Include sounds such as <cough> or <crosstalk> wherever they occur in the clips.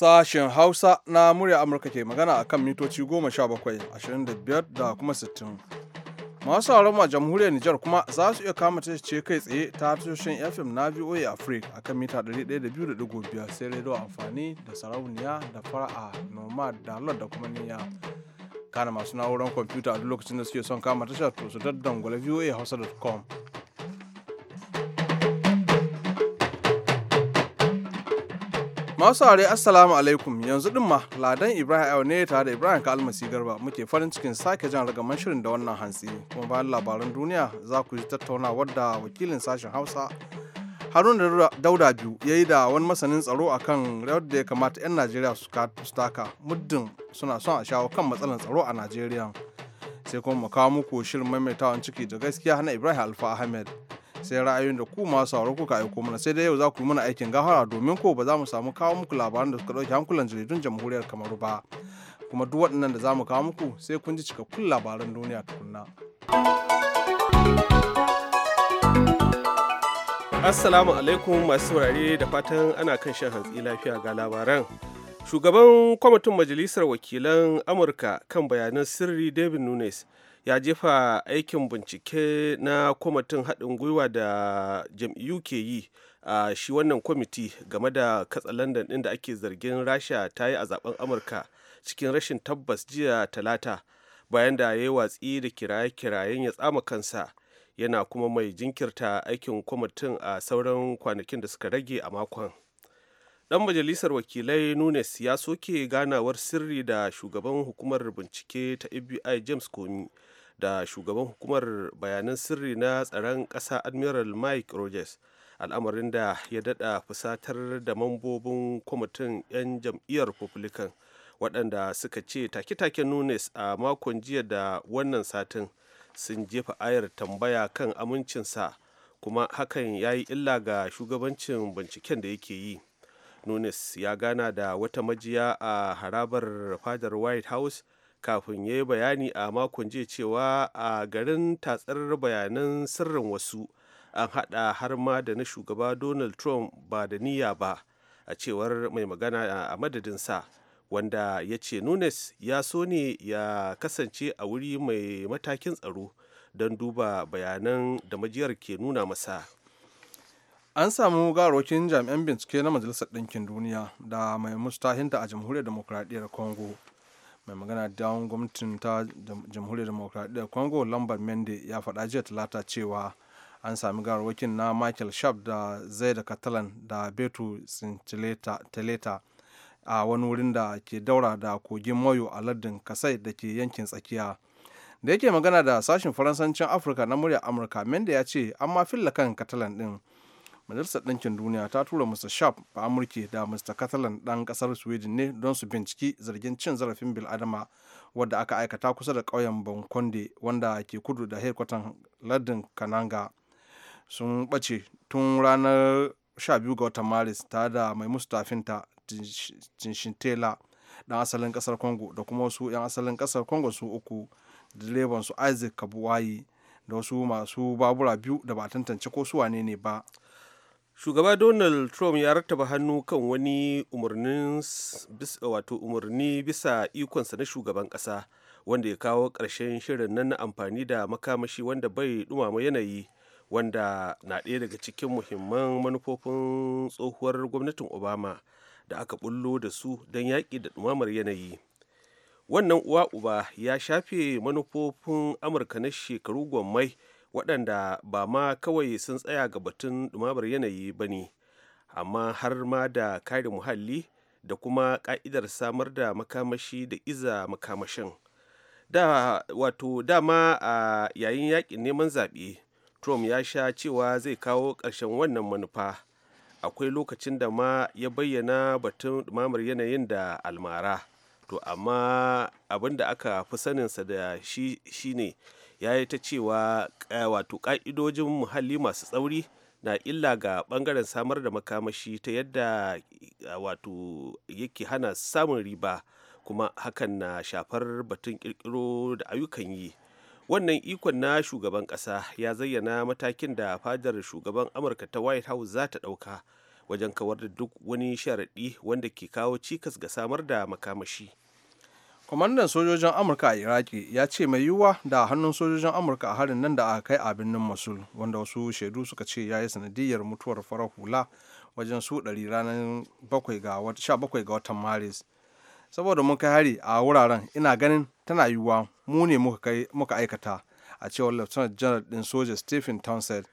sashen Hausa na murya Amurka ke magana a kan mitoci 17, 25 da kuma 60. Masu sauraron a jamhuriyar Nijar kuma za su iya kama ce kai tsaye ta tashoshin FM na VOA Africa a kan mita 102.5 sai radio amfani da sarauniya da fara'a noma da da kuma niyya. Kana masu na'urar kwamfuta a duk lokacin da suke son kama tashar to su daddangwala hausa.com. Masu are assalamu alaikum yanzu din ma ladan Ibrahim Ayo ne tare da Ibrahim ka almasi Garba muke farin cikin sake jan ragaman shirin da wannan hantsi kuma bayan labaran duniya za ku ji tattauna wadda wakilin sashen Hausa Haruna Dauda biyu ya yi da wani masanin tsaro akan da ya kamata 'yan Najeriya su taka muddin suna son a shawo kan matsalar tsaro a Najeriya. Sai kuma mu kawo muku shirin maimaitawan ciki da gaskiya na Ibrahim Alfa Ahmed sai ra'ayoyin da ku masu sauraro ka aiko mana sai dai yau za ku yi mana aikin gahara domin ko ba za mu samu kawo muku labaran da suka ɗauki hankulan jaridun jamhuriyar kamaru ba kuma duk waɗannan da za mu kawo muku sai kun ji cikakkun labaran duniya tukunna. Assalamu alaikum masu saurare da fatan ana kan shan hantsi lafiya ga labaran. Shugaban kwamitin Majalisar Wakilan Amurka kan bayanan sirri David Nunes ya jefa aikin bincike na kwamitin haɗin gwiwa da jam'iyyu ke yi a shi wannan kwamiti game da katsalandan ɗin da ake zargin rasha ta yi a zaben amurka cikin rashin tabbas jiya talata bayan da ya yi watsi da kiraye-kirayen ya tsama kansa yana kuma mai jinkirta aikin kwamitin a sauran kwanakin da suka rage a makon ɗan majalisar wakilai nunes ya soke ganawar sirri da shugaban hukumar bincike ta fbi james comey da shugaban hukumar bayanan sirri na tsaron ƙasa admiral mike rogers al'amarin da ya dada fusatar da mambobin kwamitin 'yan jam'iyyar republican waɗanda suka ce take-take nunes a makon jiya da wannan satin sun jefa ayar tambaya kan amincinsa kuma hakan ya yi illa ga shugabancin binciken da yake yi nunes ya gana da wata majiya a harabar fadar white house kafin ya yi bayani a makon jiya cewa a garin tatsar bayanan sirrin wasu an haɗa har ma da na shugaba donald trump ba da niyya ba a cewar mai magana a madadinsa wanda ya ce nunes ya so ne ya kasance a wuri mai matakin tsaro don duba bayanan da majiyar ke nuna masa an samu garokin jami'an bincike na majalisar ɗinkin duniya da mai mustahinta a jamhuriyar demokradiyyar congo mai magana da gwamnatin ta jamhuriyar demokuraɗiyyar congo lambar mende ya faɗa jiya talata cewa an sami garwakin na michael sharp da zai da catalan da betu teleta a wani wurin da ke daura da kogin moyo a lardin kasai da ke yankin tsakiya da yake magana da sashen faransancin afirka na murya amurka mende ya ce an ma filla kan catalan din majalisar ɗinkin duniya ta tura mr sharp ba amurke da mr catalan ɗan ƙasar sweden ne don su binciki zargin cin zarafin biladama wadda aka aikata kusa da ƙauyen bankonde wanda ke kudu da haikwatan lardin kananga sun ɓace tun ranar 12 ga watan maris ta da mai mustafinta tinshintela ɗan asalin ƙasar congo da kuma wasu 'yan asalin ƙasar congo su uku direban su isaac kabuwayi da wasu masu babura biyu da ba tantance ko su wane ne ba shugaba donald trump ya rattaba hannu kan wani umarni bisa ikonsa na shugaban kasa wanda ya kawo ƙarshen shirin nan na amfani da makamashi wanda bai dumama yanayi wanda na ɗaya daga cikin muhimman manufofin tsohuwar gwamnatin obama da aka bullo da su don yaƙi da dumamar yanayi wannan uwa uba ya shafe manufofin amurka na shekaru gwammai waɗanda ba ma kawai sun tsaya ga batun ɗumamar yanayi ba ne amma har ma da kare muhalli da kuma ƙa'idar samar da makamashi da iza makamashin da wato dama a yayin yakin neman zaɓe trump ya sha cewa zai kawo ƙarshen wannan manufa akwai lokacin da ma ya bayyana batun ɗumamar yanayin da almara to amma abin da aka fi saninsa da shi shine ya yi ta cewa eh, wato ƙa'idojin muhalli masu tsauri na illa ga ɓangaren samar da makamashi ta yadda eh, wato yake hana samun riba kuma hakan na shafar batun ƙirƙiro da ayyukan yi wannan ikon na shugaban ƙasa ya zayyana matakin da fadar shugaban amurka ta white house za ta ɗauka wajen kawar da duk wani sharaɗi wanda ke kawo cikas ga samar da makamashi kwamandan sojojin amurka a iraki ya ce mai yiwuwa da hannun sojojin amurka a harin nan da aka kai a birnin masul wanda wasu shaidu suka ce ya yi sanadiyar mutuwar farar hula wajen su ɗari ranar 17 ga watan maris saboda mun kai hari a wuraren ina ganin tana yiwuwa mu ne muka aikata a cewar lieutenant general din soja stephen townsend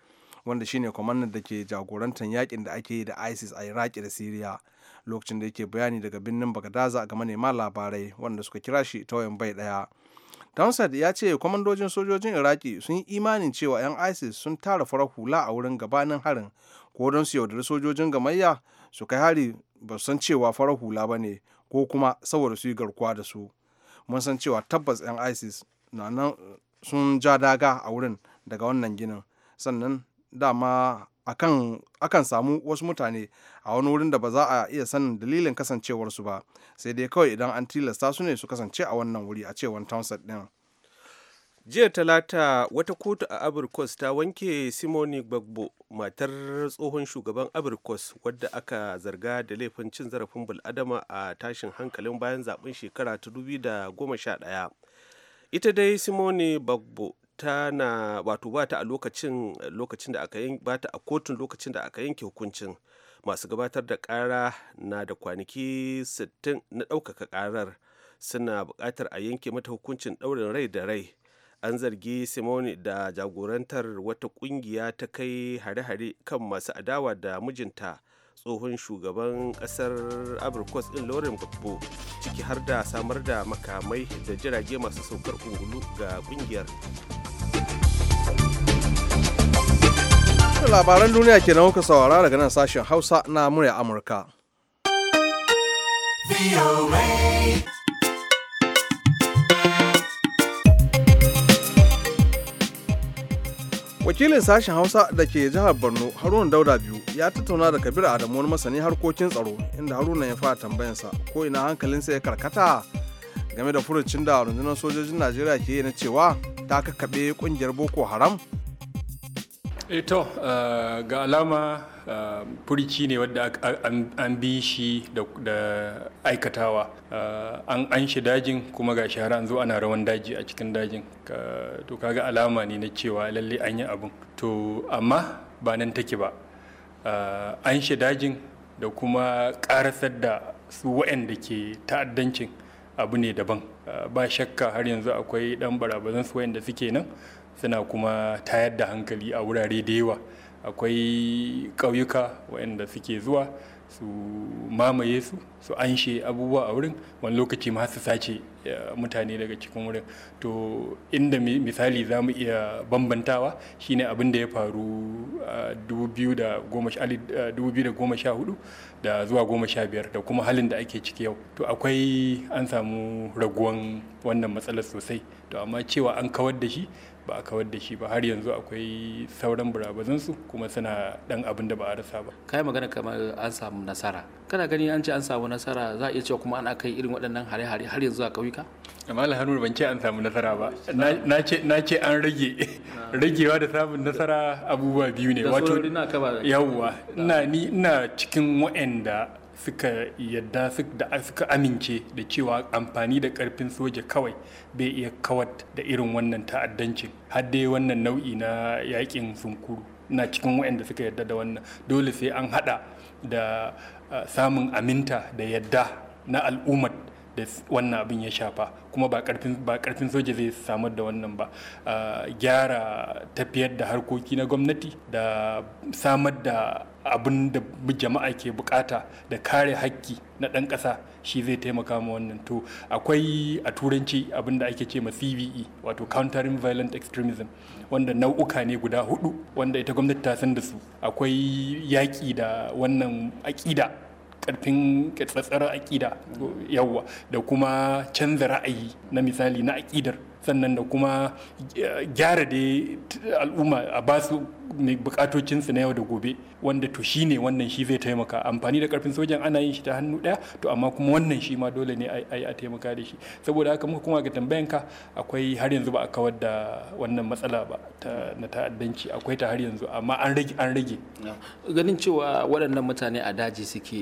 wanda shine kwamandan da ke jagorantar yakin da ake yi da isis a iraki da siriya lokacin da yake bayani daga birnin bagadaza ga manema labarai wanda suka kira shi ta wayan bai daya Downside ya ce kwamandojin sojojin Iraki sun yi imanin cewa 'yan ISIS sun tara farar hula a wurin gabanin harin ko don su yaudari sojojin gamayya su kai hari ba san cewa farar hula ba ne ko kuma saboda su yi garkuwa da su. Mun san cewa tabbas 'yan ISIS na nan sun ja daga a wurin daga wannan ginin sannan dama akan akan samu wasu mutane a wani wurin da ba za a iya sanin dalilin kasancewarsu ba sai dai kawai idan an tilasta su ne su kasance a wannan wuri a cewar townsend din jiya talata wata kotu a abirkos ta wanke simoni gbagbo matar tsohon shugaban abirkos wadda aka zarga da laifin cin zarafin bul'adama a tashin hankalin bayan zaben shekara ta 2011 ita dai simoni gbagbo tana wato ba ta a lokacin lokacin da aka ba ta a kotun lokacin da aka yanke hukuncin masu gabatar da ƙara na da kwanaki 60 na ɗaukaka ƙarar suna buƙatar a yanke mata hukuncin ɗaurin rai da rai an zargi simone da jagorantar wata ƙungiya ta kai hare-hare kan masu adawa da mijinta tsohon shugaban kasar abrikos ɗin lauren gbagbo ciki har da samar da makamai da jirage masu saukar ungulu ga kungiyar labaran duniya ke nan saurara daga nan sashen hausa na murya amurka wakilin sashen hausa da ke jihar borno haruna dauda biyu ya tattauna da kabir adamu wani masani harkokin tsaro inda haruna ya fara tambayansa ko ina hankalinsa ya karkata game da furucin da rundunar sojojin najeriya ke yi na cewa ta kakkaɓe kungiyar boko haram Eh, to eh, ga alama eh, furici ne wadda an bi shi da aikatawa an an shi dajin kuma ga shahara an zo ana rawan daji a cikin dajin to kaga alama ne na cewa lalle an yi abin to amma ba nan take ba an shi dajin da kuma karasar da su da ke ta'addancin abu ne daban ba shakka har yanzu akwai ɗan barabazan su waɗanda suke nan suna kuma tayar da hankali a wurare da yawa akwai ƙauyuka waɗanda suke zuwa su mamaye su su anshe abubuwa a wurin wani lokaci ma su sace eh, mutane daga cikin wurin to inda misali za mu iya bambantawa shine abin da ya faru eh, a 2014 eh, da zuwa 15 da kuma halin da ake ciki yau to akwai an samu raguwan wannan matsalar sosai to amma cewa an kawar da shi ba a kawar da shi ba har yanzu akwai sauran burabazansu kuma suna dan abin da ba a rasa ba kai magana kamar an samu nasara kana gani an ce an samu nasara za a iya cewa kuma ana kai irin waɗannan hare-hare har yanzu a kauyuka amma alhamdulillah ban ce an samu nasara ba na ce an rage <laughs> ragewa da samun nasara abubuwa biyu ne wato yawwa ina ni ina cikin waɗanda suka yadda da suka amince da cewa amfani da karfin soja kawai bai iya kawar da irin wannan ta'addancin har dai wannan nau'i na yakin sunkuru na cikin waɗanda suka yadda da wannan dole sai an hada da uh, samun aminta da yadda na al'ummar da wannan abin ya shafa kuma ba karfin soja zai samar da wannan ba gyara tafiyar da harkoki na gwamnati da samar da abin da jama'a ke bukata da kare hakki na ɗan ƙasa shi zai taimaka ma wannan to akwai a turanci abin da ake ce ma cve wato countering violent extremism wanda nau'uka ne guda hudu wanda ita gwamnati ta san da su akwai yaƙi da wannan aƙida karfin tsatsar aƙida yawa da kuma canza ra'ayi na misali na aƙidar sannan da kuma eh, gyara da eh, al'umma a ba su bukatocinsu na yau da gobe wanda to shi ne wannan shi zai taimaka amfani da karfin sojan ana yin shi ta hannu daya to amma kuma wannan shi ma dole ne a yi a taimaka da shi saboda haka muka kuma ga tambayanka akwai har yanzu ba a kawar da wannan matsala ba na ta'addanci akwai ta har yanzu amma an rage an rage ganin cewa waɗannan mutane a daji suke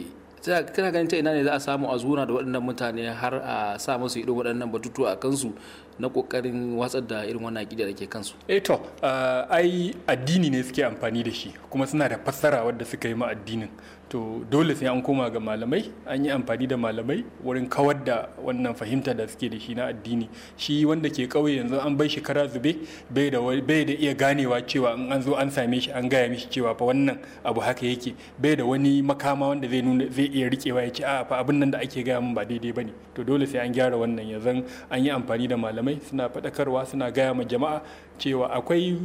kana ganin ta ina ne za a samu a zuna da waɗannan mutane har a sa musu ido waɗannan batutuwa a kansu na kokarin watsar da irin wannan aƙida da ke kansu eh to eh, ai addini ne suke amfani da shi kuma suna da fassara wadda suka yi ma addinin to dole sai an koma ga malamai an yi amfani da malamai wurin kawar da wannan fahimta da suke da shi na addini shi wanda ke ƙauye yanzu an bai shekara zube bai da iya ganewa cewa in an zo an same shi an gaya mishi cewa fa wannan abu haka yake bai da wani makama wanda zai nuna zai iya rikewa ya ce a fa abin nan da ake gaya min ba daidai bane to dole sai an gyara wannan yanzu an yi amfani da malamai malamai suna faɗakarwa suna gaya ma jama'a cewa akwai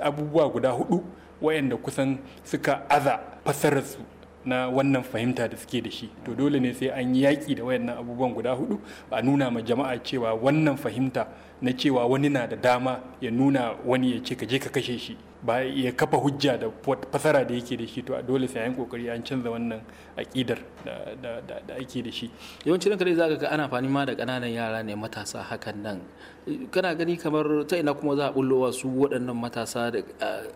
abubuwa guda hudu wayanda kusan suka aza fasararsu na wannan fahimta da suke da shi to dole ne sai an yi yaƙi da wayannan abubuwan guda hudu a nuna ma jama'a cewa wannan fahimta na cewa wani na da dama ya nuna wani ya ce ka je ka kashe shi ba ya kafa hujja da fasara da yake da shi to a dole sai an kokari an canza wannan akidar da ake da shi yawanci ranka dai za ga ana fani ma da kananan yara ne matasa hakan nan kana gani kamar ta ina kuma za a bullowa su waɗannan matasa da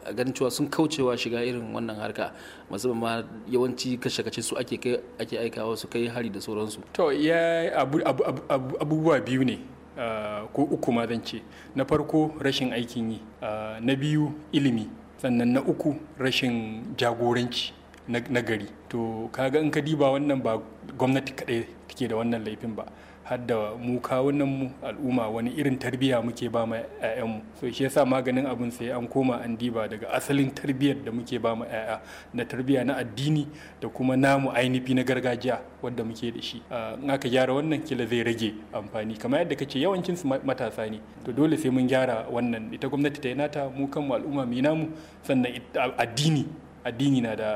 a ganin cewa sun kaucewa shiga irin wannan harka musamman ma yawanci kashe kace su ake ake aikawa su kai hari da sauransu to ya abubuwa biyu ne ko uku ma zan ce na farko rashin aikin yi na biyu ilimi sannan na uku rashin jagoranci na gari to kaga in ka diba wannan ba gwamnati kaɗai take da wannan laifin ba har da mu kawunan mu al'umma wani irin tarbiyya muke ba ma 'ya'yanmu so shi yasa maganin abin sai an koma an diba daga asalin tarbiyyar da muke ba ma 'ya'ya na tarbiyya na addini da kuma namu ainihi na gargajiya wanda muke da shi ah, in aka gyara wannan kila zai rage amfani kamar yadda kace yawancin su matasa ne to dole sai mun gyara wannan ita gwamnati ta yi nata mu kanmu al'umma mu namu sannan addini addini na uh, da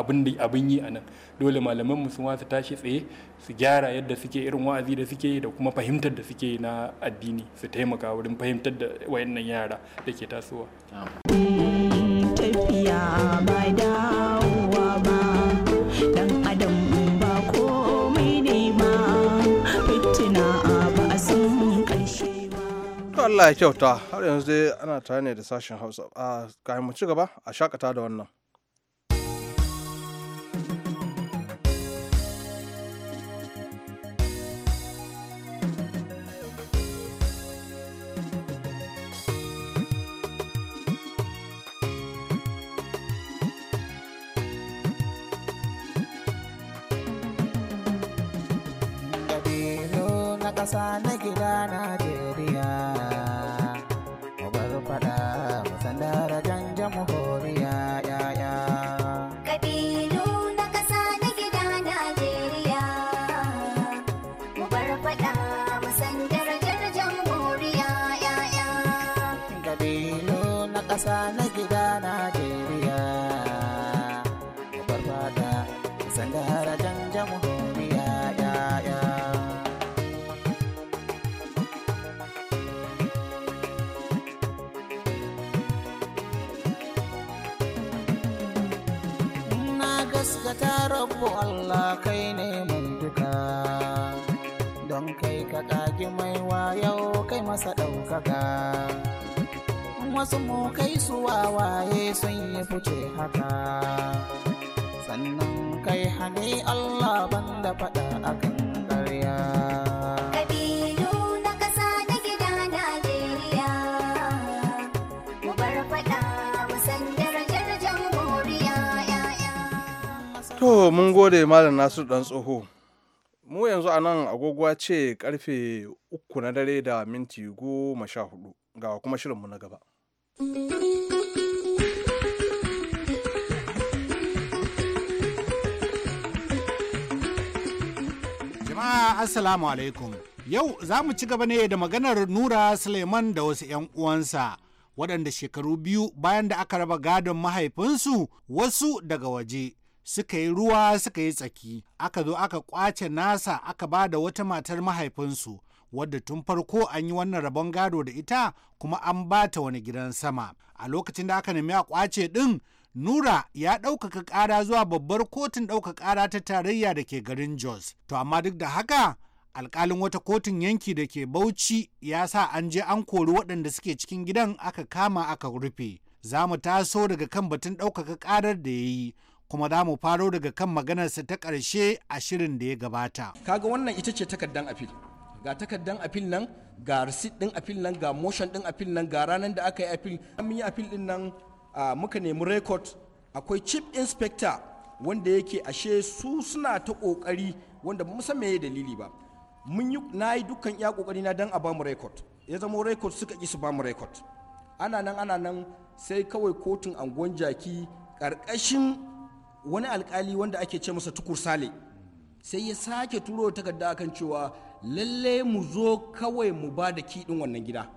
abin yi a nan dole malaman mu su tashi tsaye su gyara yadda suke irin wa'azi da suke da kuma fahimtar da suke na addini su taimaka wurin fahimtar da wayannan yara da ke tasowa tafiya Allah ya kyauta har yanzu dai ana tare ne da sashen Hausa a kayan mu ci gaba a shakata da wannan. ƙasa na gida na je kasa na gida Najeriya. Barbada janjamu duniya ya ya. Na gaskata rabu Allah kai ne mun duka. Don kai ka ƙagi mai yau, kai masa ɗaukaka. wasu mu kai su wawaye sun yi fice haka sannan kai hane Allah banda faɗa akan ƙarya. Kabilu na To mun gode Malam Nasiru ɗan tsoho. Mu yanzu a nan agogwa ce karfe uku na dare da minti goma sha hudu ga kuma shirinmu na gaba. Jama'a Assalamu alaikum. Yau za mu ci gaba ne da maganar Nura Suleiman da wasu 'yan uwansa. waɗanda shekaru biyu bayan da aka raba gadon mahaifinsu wasu daga waje suka yi ruwa suka yi tsaki aka zo aka kwace nasa aka ba da wata matar mahaifinsu wadda tun farko an yi wannan rabon gado da ita kuma an bata wani gidan sama a lokacin da aka nemi a kwace din Nura ya ɗaukaka ƙara zuwa babbar kotun ɗaukaka ƙara ta tarayya da ke garin Jos. To amma duk da haka alƙalin wata kotun yanki da ke Bauchi ya sa an je an kori waɗanda suke cikin gidan aka kama aka rufe. Za mu taso daga kan batun ɗaukaka ƙarar da ya yi kuma za mu faro daga kan maganarsa ta ƙarshe a shirin da ya gabata. Kaga wannan ita ce takardan afil. ga takardan apil nan ga receipt din apil nan ga motion din apil nan ga ranar da aka yi apil an yi apil din nan muka nemi record akwai chief inspector wanda yake ashe su suna ta kokari wanda ba san yi dalili ba mun yi na yi dukkan iya kokari na dan a bamu record ya zama record suka ki su bamu record ana nan ana nan sai kawai kotun anguwan jaki karkashin wani alkali wanda ake ce masa tukur sale sai ya sake turo takarda kan cewa lalle mu zo kawai mu ba da kiɗin wannan gida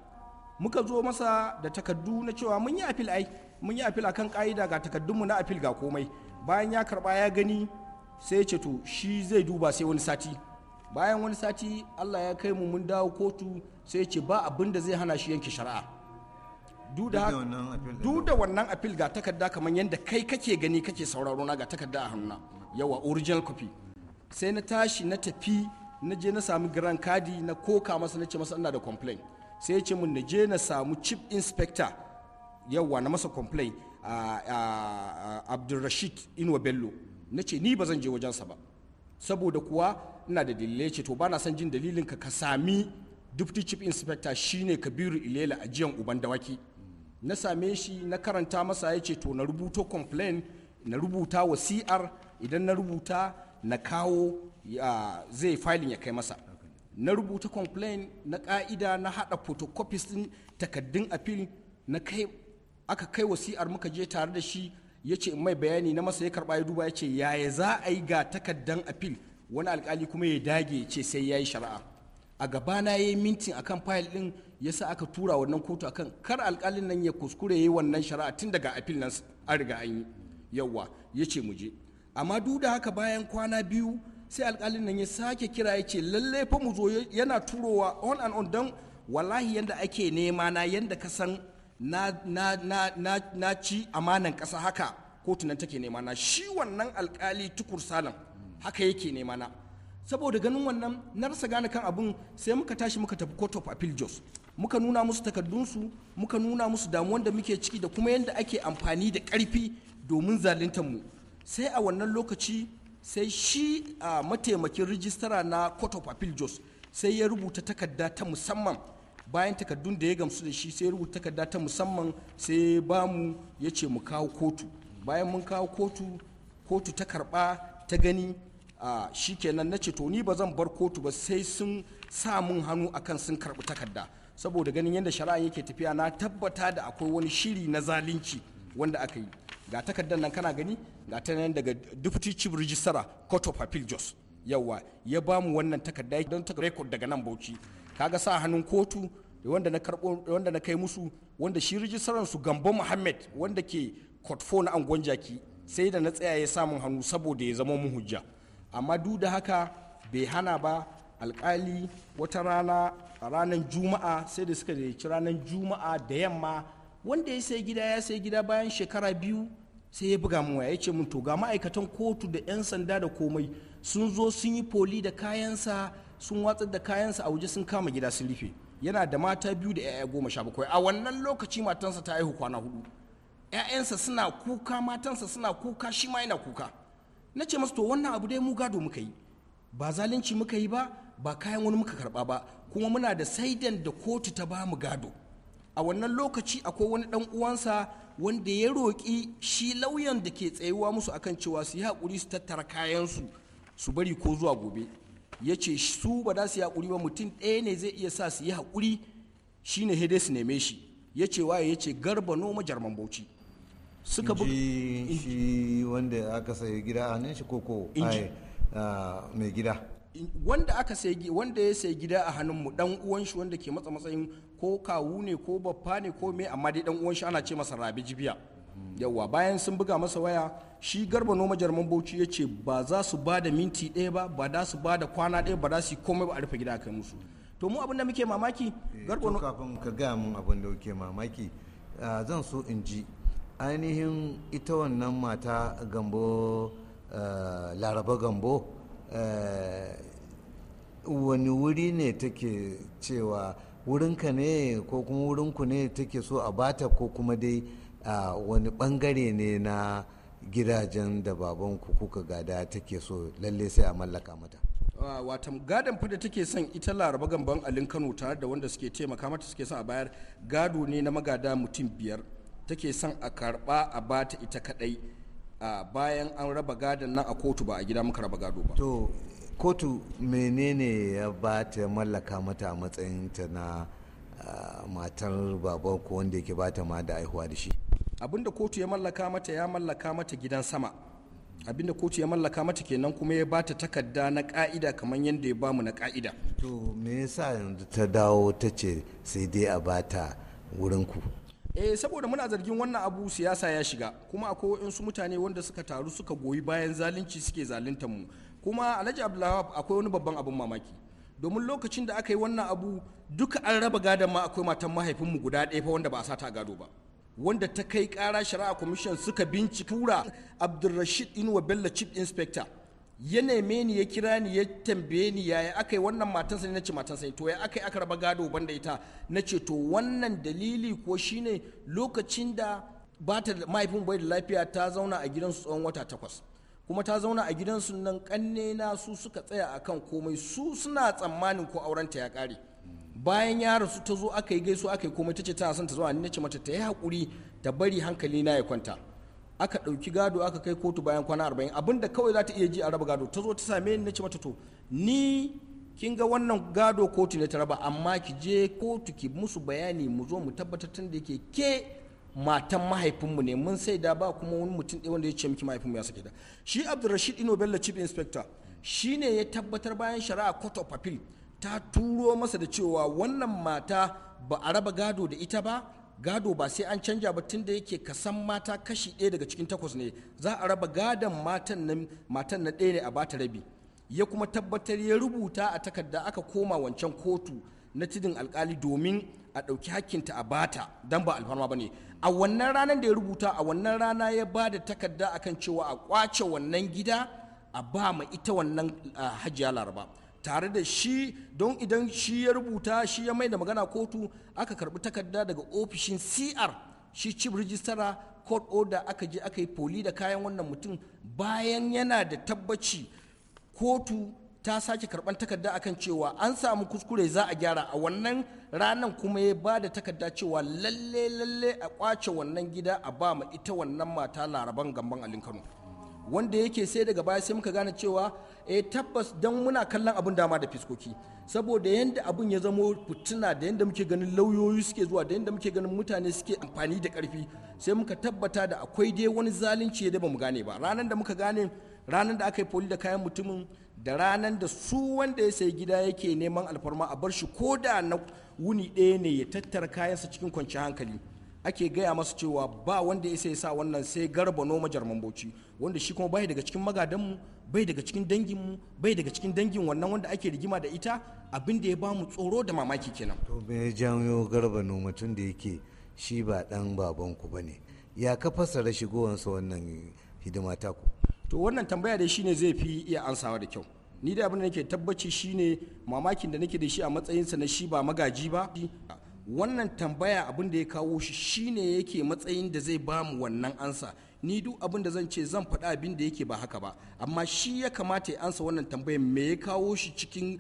muka zo masa da takardu na cewa mun yi afil ai mun yi afil akan ka'ida ga takardunmu na afil ga komai bayan ya karba ya gani sai ce to shi zai duba sai wani sati bayan wani sati allah ya kai mu mun dawo kotu sai ce ba abin da zai hana shi yanke shari'a duk da wannan afil ga takarda kamar yadda kai kake gani kake sauraro na ga takarda a hannuna yawa original copy sai na tashi na tafi na je na sami giran kadi na koka masa na ce masa ina da complain sai ya ce mun na je na samu chief inspector yawa na masa complain a abdulrashid inuwa bello na ce ni ba zan je wajensa ba saboda kuwa ina da dalilai ce to ba na son jin dalilin ka ka sami deputy chief inspector shine kabiru ilela a jiyan uban dawaki na same shi na karanta masa ya ce to na rubuto complain na rubuta wa cr idan na rubuta na kawo zai filin ya kai masa na rubuta complain na ka'ida na hada photocopies din takaddun appeal na kai aka kai wasi'ar muka je tare da shi ya ce mai bayani na masa ya karba ya duba ya ce yaya za a yi ga takaddan appeal wani alkali kuma ya dage ya ce sai ya yi shari'a a gabana ya yi mintin akan fayil din ya sa aka tura wannan kotu akan kar alkalin nan ya kuskure ya yi wannan shari'a tun daga appeal nan an riga an yi yawa ya ce mu je amma duk da haka bayan kwana biyu sai alƙalin nan ya sake kira ya ce lallai fa mu zo yana turowa on and on don wallahi yanda ake nema na yanda ka san na, na, na, na ci amanan ƙasa haka kotu nan take nema na shi wannan alƙali tukur salam haka yake nema na saboda ganin wannan na rasa gane kan abin sai muka tashi muka tafi court of appeal jos muka nuna musu takardunsu muka nuna musu damuwan da muke ciki da kuma yanda ake amfani da ƙarfi domin zaluntar mu sai a wannan lokaci sai shi a mataimakin rijistara na court of appeal jos sai ya rubuta takarda ta musamman bayan takardun da ya gamsu da shi sai ya rubuta takarda ta musamman sai ba mu ya ce mu kawo kotu bayan mun kawo kotu kotu ta karba ta gani a kenan na ce to ni ba zan bar kotu ba sai sun sa mun hannu akan sun karbi takarda saboda ganin yadda shari'a yake tafiya na tabbata da akwai wani shiri na zalunci wanda aka yi ga takardar nan kana gani ga ta nan daga deputy chief registrar court of appeal jos yawa ya ba mu wannan takarda don ta record daga nan bauchi kaga sa hannun kotu wanda na karbo wanda na kai musu wanda shi registrar su gambo muhammad wanda ke court 4 na angon jaki sai da na tsaya ya samun hannu saboda ya zama mu hujja amma duk da haka bai hana ba alkali wata rana ranar juma'a sai da suka ci ranar juma'a da yamma wanda ya sai gida ya sai gida bayan shekara biyu sai ya buga mu ya ce mun to ga ma'aikatan kotu da 'yan sanda da komai sun zo sun yi poli da kayansa sun watsar da kayansa a waje sun kama gida sun rufe yana da mata biyu da 'ya'ya goma sha bakwai a wannan lokaci matansa ta haihu kwana hudu 'ya'yansa suna kuka matansa suna kuka shi ma yana kuka na ce masu to wannan abu dai mu gado muka yi ba zalunci muka yi ba ba kayan wani muka karba ba kuma muna da saidan da kotu ta ba mu gado a wannan lokaci akwai wani dan uwansa wanda ya roƙi shi lauyan da ke tsayuwa musu akan cewa su yi haƙuri su tattara kayan su su bari ko zuwa gobe ya ce su ba za su yi haƙuri ba mutum ɗaya ne zai iya sa su yi haƙuri shi ne hede su neme shi ya ce waye ya ce garba noma jarman bauchi suka bi shi wanda aka sayi gida a nan shi koko mai gida wanda aka sayi wanda ya sayi gida a hannun mu dan uwan shi wanda ke matsa matsayin ko kawu ne ko baffa ne ko me amma dai dan uwan shi ana ce masa rabi jibiya yawwa bayan sun buga masa waya shi garba noma jarman bauchi ya ce ba za su ba da minti ɗaya ba ba za su ba da kwana ɗaya ba za su komai ba a rufe gida kai musu to mu abin da muke mamaki eh, garba noma kafin ka gaya mun abin da muke mamaki ah, zan so in ji ainihin ita wannan mata gambo ah, laraba gambo eh, wani wuri ne take cewa wurinka ne ko kuma wurinku ne take so a bata ko kuma dai wani bangare ne na gidajen da babanku kuka gada take so lalle sai a mallaka mata watan gadon fada take son ita laraba gamban alin kano tare da wanda suke taimaka mata suke son a bayar gado ne na magada mutum biyar take son a karba a bata ita kadai bayan an raba gadon nan a kotu ba a gida muka raba gado ba to kotu menene ya ba ta mallaka mata a matsayinta na ah, matar baban ko wanda yake ba ta ma da aihuwa da shi abinda kotu ya mallaka mata ya mallaka mata gidan sama abinda kotu ya mallaka mata kenan kuma ya bata takarda na ka'ida kamar yadda ya bamu na ka'ida to me yasa yanzu ta dawo ta ce sai dai a bata wurin ku eh saboda muna zargin wannan abu siyasa ya shiga kuma akwai waɗansu mutane wanda suka taru suka goyi bayan zalunci suke zaluntar mu kuma alhaji abdullahi akwai wani babban abin mamaki domin lokacin da aka yi wannan abu duka an raba gadon ma akwai matan mahaifinmu guda ɗaya fa wanda ba a sata gado ba wanda ta kai kara shari'a commission suka binciki tura abdulrashid inuwa bello chief inspector ya neme ni ya kira ni ya tambaye ni yaya aka yi wannan matansa ne na ce matansa ne to ya aka yi aka raba gado ban da ita na ce to wannan dalili ko shine lokacin da ba ta mahaifin bai da lafiya ta zauna a gidansu tsawon wata takwas kuma ta zauna a gidan su nan kanne na su suka tsaya akan komai su suna tsammanin ko aurenta ya kare bayan ya rasu ta zo aka yi gaisu aka yi komai ta ce tana son ta zo ni nace mata ta yi hakuri ta bari hankali na ya kwanta aka ɗauki gado aka kai kotu bayan kwana arba'in abinda kawai za ta iya ji a raba gado ta zo ta same ni nace mata to ni kin ga wannan gado kotu ne ta raba amma ki je kotu ki musu bayani mu zo mu tabbatar tun da yake ke matan mahaifinmu ne mun sai da ba kuma wani mutum ɗaya wanda ya ce miki mahaifinmu ya sake da shi abdulrashid ino bello chief inspector shi ne ya tabbatar bayan shari'a court of appeal ta turo masa da cewa wannan mata ba a raba gado da ita ba gado ba sai an canja ba tun da yake kasan mata kashi ɗaya daga cikin takwas ne za a raba gadon matan na matan na ɗaya ne a bata rabi ya kuma tabbatar ya rubuta a takarda aka koma wancan kotu na tidin alkali domin a ɗauki hakkinta a bata don ba alfarma ba ne a wannan ranar da ya rubuta a wannan rana ya ba da takarda kan cewa a kwace wannan gida a ba ma ita wannan hajiya laraba tare da shi don idan shi ya rubuta shi ya mai da magana kotu aka karbi takarda daga ofishin cr shi chief registrar court order aka je aka yi poli da kayan wannan mutum bayan yana da tabbaci kotu ta sake karban takarda akan cewa an samu kuskure za a gyara a wannan ranar kuma ya ba da takarda cewa lalle lalle a kwace wannan gida a ba ma ita wannan mata laraban gamban alin kano wanda yake sai daga baya sai muka gane cewa e tabbas don muna kallon abun dama da fiskoki saboda yadda abun ya zamo fituna da yadda muke ganin lauyoyi suke zuwa da yadda muke ganin mutane suke amfani da karfi sai muka tabbata da akwai dai wani zalunci da bamu gane ba ranar da muka gane ranar da aka yi poli da kayan mutumin da ranar da su wanda ya sayi gida yake neman alfarma a bar shi ko da na wuni ɗaya ne ya tattara kayansa cikin kwanciyar hankali ake gaya masa cewa ba wanda ya sai sa wannan sai garba noma jarman bauchi wanda shi kuma bai daga cikin magadanmu bai daga cikin danginmu bai daga cikin dangin wannan wanda ake rigima da ita abin da ya ba mu tsoro da mamaki kenan to me ya janyo garba noma tun da yake shi ba dan babanku bane ya ka fassara shigowansa wannan hidima taku to wannan tambaya da dai shine zai fi iya ansawa da kyau ni da abin da nake tabbaci shine mamakin da nake da shi a matsayinsa na shi ba magaji ba wannan tambaya abin da ya kawo shi shi shine yake matsayin da zai ba mu wannan ansa ni duk abin da zan ce zan faɗa abin da yake ba haka ba amma shi ya kamata ya ansa wannan tambayar me ya kawo shi cikin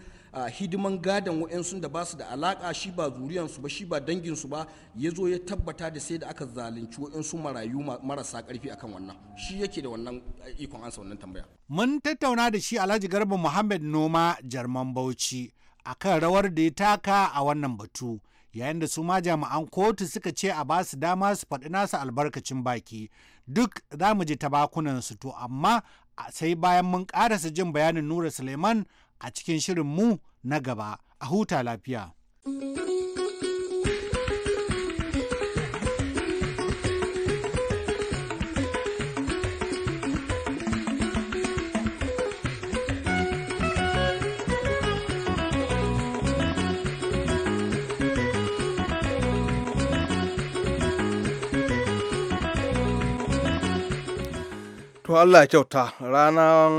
hidiman gadon wa'yansu da ba su da alaka shi ba zuriyansu ba shi ba danginsu ba ya zo ya tabbata da sai da aka zalunci wa'yansu marayu marasa karfi akan wannan shi yake da wannan ikon ansa wannan tambaya. mun tattauna da shi alhaji garba muhammad noma jarman bauchi a kan rawar da ya taka a wannan batu. yayin da su ma jami'an kotu suka ce a ba su dama su faɗi nasu albarkacin baki duk za mu ji su to amma sai bayan mun ƙarasa jin bayanin nura suleiman a cikin shirin mu na gaba a huta lafiya. To Allah ya kyauta ranar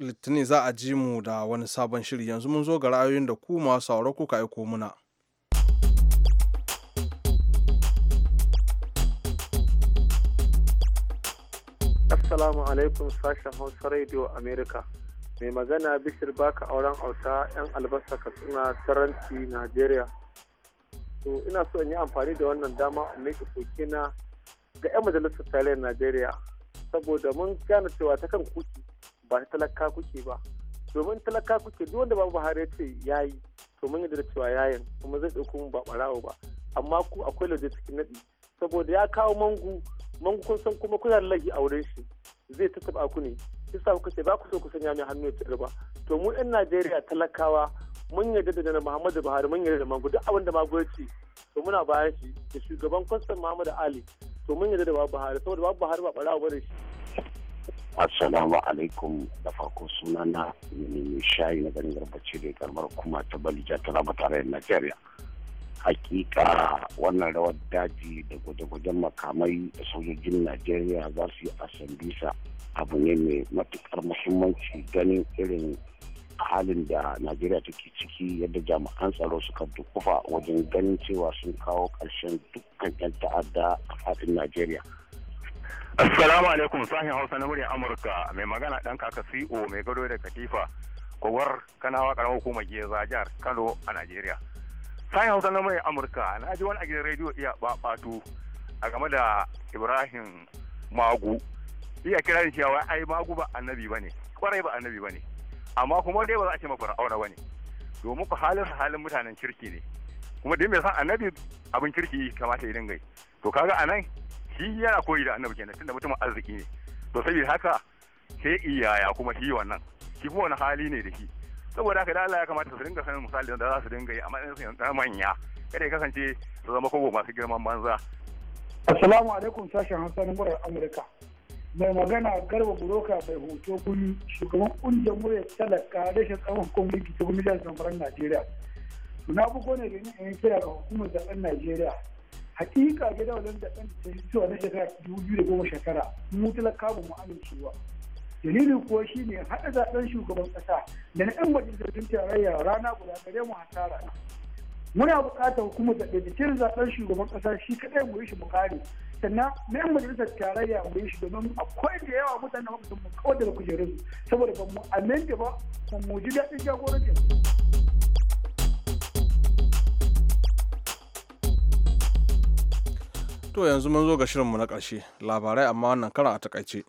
litinin za a ji mu da wani sabon shiri yanzu mun zo ga ra'ayoyin da ku masu sauraro kuka aiko muna. Assalamu alaikum sashen Hausa Radio America. Mai magana Bishir Baka auren auta 'yan albasa Katsina Saranci Najeriya. To ina so in yi amfani da wannan dama in miƙa na ga 'yan majalisar Thailand Najeriya saboda mun gane cewa ta kan kuki ba ta talaka kuke ba domin talaka kuke duk wanda babu buhari ce yayi yi to mun yadda cewa yayin kuma zai ɗauko mu ba ɓarawo ba amma ku akwai lauje cikin naɗi saboda ya kawo mangu mangu kun san kuma kuna lagi a wurin shi zai tattaɓa ku ne kisa kuka ce ba ku so ku sanya mai hannu ya ba to mu ɗan najeriya talakawa mun yarda da janar muhammadu buhari mun yarda da mangu duk abin da mago ce to muna bayan shi da shugaban kwastan muhammadu ali to mun yarda da babu Buhari saboda babu Buhari ba barawo bane shi Assalamu alaikum da farko suna na mai shayi na ganin garbace da karmar kuma ta balija ta raba da Najeriya. Hakika wannan rawar daji da gwaje-gwajen makamai da sojojin Najeriya za su yi a abu ne mai matukar muhimmanci ganin irin halin da najeriya take ciki yadda jami'an tsaro suka dukufa wajen ganin cewa sun kawo ƙarshen dukkan 'yan ta'adda a fadin najeriya assalamu alaikum sahin hausa na murya amurka mai magana ɗan kaka co e mai gado da katifa kogwar kanawa karamar hukumar geza jihar kano a najeriya sahin hausa na murya amurka na ji wani a gidan rediyo iya babatu a game da ibrahim magu iya kira cewa ai magu ba annabi bane kwarai ba annabi bane amma kuma dai ba za a ce ma fir'auna ne domin ku halin halin mutanen kirki ne kuma dai mai san annabi abin kirki kamata ya dinga yi to kaga anan shi yana koyi da annabi kenan tunda mutumin arziki ne to saboda haka sai iyaya kuma shi wannan shi kuma wani hali ne da shi saboda haka da Allah ya kamata su dinga sanin misali da za su dinga yi a matsayin su manya kada ya kasance su zama kogo masu girman banza assalamu alaikum sashen hausa na murar amurka mai magana garba buroka mai hoto kuni shugaban kungiyar muryar talaka rashin tsawon kwamfiki ta gwamnatin zamfaran najeriya na buko ne domin in kira ga hukumar zaben najeriya hakika gida da ɗan da zuwa na shekara dubu biyu da goma shekara mu talaka ba mu amincewa dalilin kuwa shi shine haɗa zaɓen shugaban ƙasa da na 'yan majalisun tarayya rana guda gare mu hasara muna buƙatar hukumar da ɗaiɗaikin zaɓen shugaban ƙasa shi kaɗai mu yi shi mu kare sannan na bisa tarayya mu yi shi domin akwai da yawa mutane da mu kawar da kujerun saboda ba mu aminta ba mu ji daɗin jagorancin To yanzu mun zo ga shirinmu na ƙarshe labarai amma wannan karan a takaice.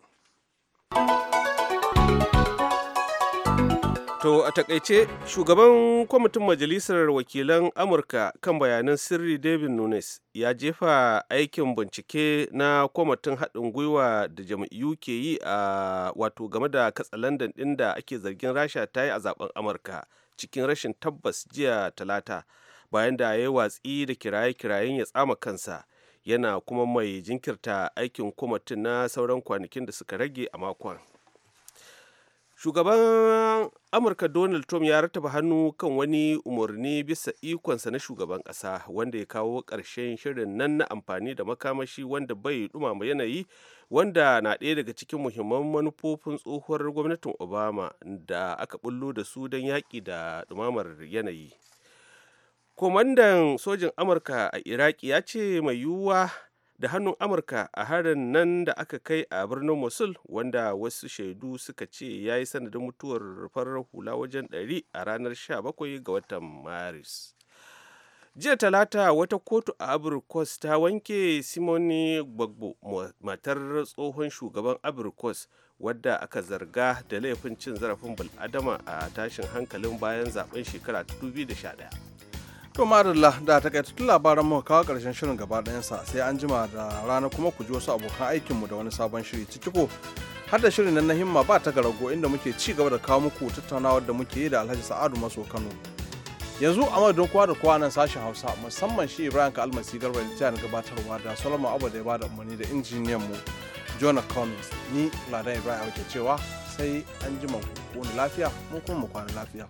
To a takaice shugaban kwamitin majalisar wakilan Amurka kan bayanan sirri David Nunes ya jefa aikin bincike na kwamitin haɗin gwiwa da jam'iyyu ke yi a wato game da katsalandan ɗin da ake zargin Rasha ta yi a zaben Amurka cikin rashin tabbas jiya talata bayan da ya yi watsi da kiraye-kirayen ya tsama kansa yana kuma mai jinkirta aikin kwamitin na sauran kwanakin da suka rage a makon. shugaban amurka donald trump ya rataba hannu kan wani umarni bisa ikonsa na shugaban ƙasa wanda ya kawo ƙarshen shirin nan na amfani da makamashi wanda bai dumama yanayi wanda na ɗaya daga cikin muhimman manufofin tsohuwar gwamnatin obama da aka bullo da su don yaƙi da dumamar yanayi komandan sojin amurka a iraki ya ce mai yiwuwa da hannun amurka a harin nan da aka kai a birnin mosul wanda wasu shaidu suka ce ya yi sanadin mutuwar farar hula wajen 100 a ranar 17 ga watan maris jiya talata wata kotu a abirikos ta wanke simoni gbagbo matar tsohon shugaban abirikos wadda aka zarga da laifin cin zarafin bil'adama a tashin hankalin bayan zaben shekara 2011 To madalla da takaitattun labaran muka kawo karshen shirin gaba sa sai an jima da rana kuma ku ji wasu abokan aikinmu da wani sabon shiri cikiko har da shirin nan na himma ba ta garago inda muke ci gaba da kawo muku tattaunawar da muke yi da Alhaji Sa'adu Maso Kano. Yanzu a madadin kowa da kowa nan sashen Hausa musamman shi Ibrahim Kalmasi Garba da na gabatarwa da Solomon Abu da ya bada umarni da injiniyan mu Jonah Collins ni Ladan Ibrahim ke cewa sai an jima ku lafiya mu kuma mu kwana lafiya.